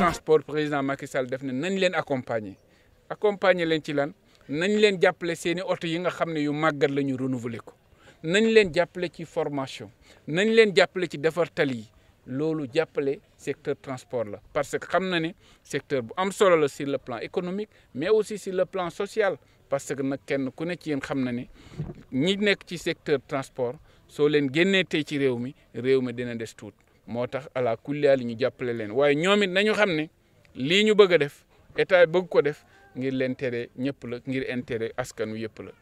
transport président Macky Sall def ne nañ leen accompagner accompagner leen ci lan nañ leen jàppale seen auto yi nga xamné yu màggat lañu ñu renouveler ko nañ leen jàppale ci formation nañ leen jàppale ci defar tali lolu loolu secteur transport la parce que xamna né secteur bu am solo la sur le plan économique mais aussi sur le plan social parce que nak kenn ku ne ci yéen xam na ñi nekk ci secteur transport so leen génné té ci réew mi réew mi dina des tout moo tax ala kulliyaal ñu jàppale leen waaye ñoom it nañu xam ne lii ñu bëgg a def état bëgg ko def ngir l'intérêt ñëpp la ngir intérêt askanu yëpp la.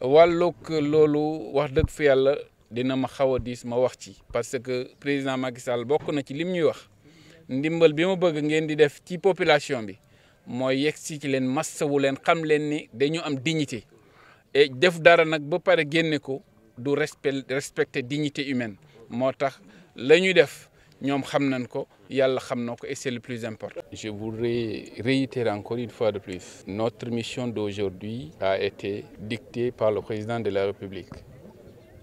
wàllug loolu wax dëgg fi yàlla dina ma xaw a diis ma wax ci parce que président Macky Sall bokk na ci lim ñuy wax ndimbal bi ma bëgg ngeen di def ci population bi mooy yegg si ci leen massawu leen xam leen ni dañu am dignité et def dara nag ba pare génne ko. du respecter la dignité humaine et c'est le plus important. Je voudrais réitérer encore une fois de plus. Notre mission d'aujourd'hui a été dictée par le président de la République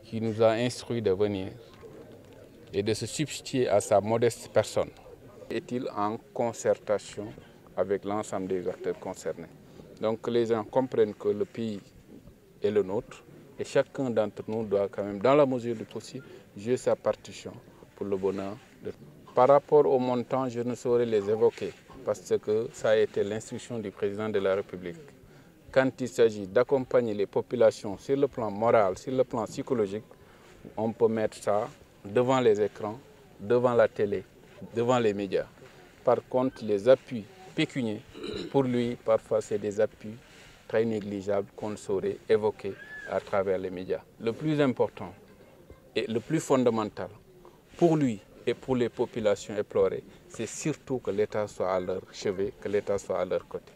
qui nous a instruit de venir et de se substituer à sa modeste personne. Est-il en concertation avec l'ensemble des acteurs concernés? Donc les gens comprennent que le pays est le nôtre. Et chacun d'entre nous doit quand même, dans la mesure du possible, jouer sa partition pour le bonheur. De... Par rapport au montant, je ne saurais les évoquer parce que ça a été l'instruction du président de la République. Quand il s'agit d'accompagner les populations sur le plan moral, sur le plan psychologique, on peut mettre ça devant les écrans, devant la télé, devant les médias. Par contre, les appuis pécuniers, pour lui, parfois, c'est des appuis très négligeable qu'on saurait évoquer à travers les médias. Le plus important et le plus fondamental pour lui et pour les populations éplorées, c'est surtout que l'État soit à leur chevet, que l'État soit à leur côté.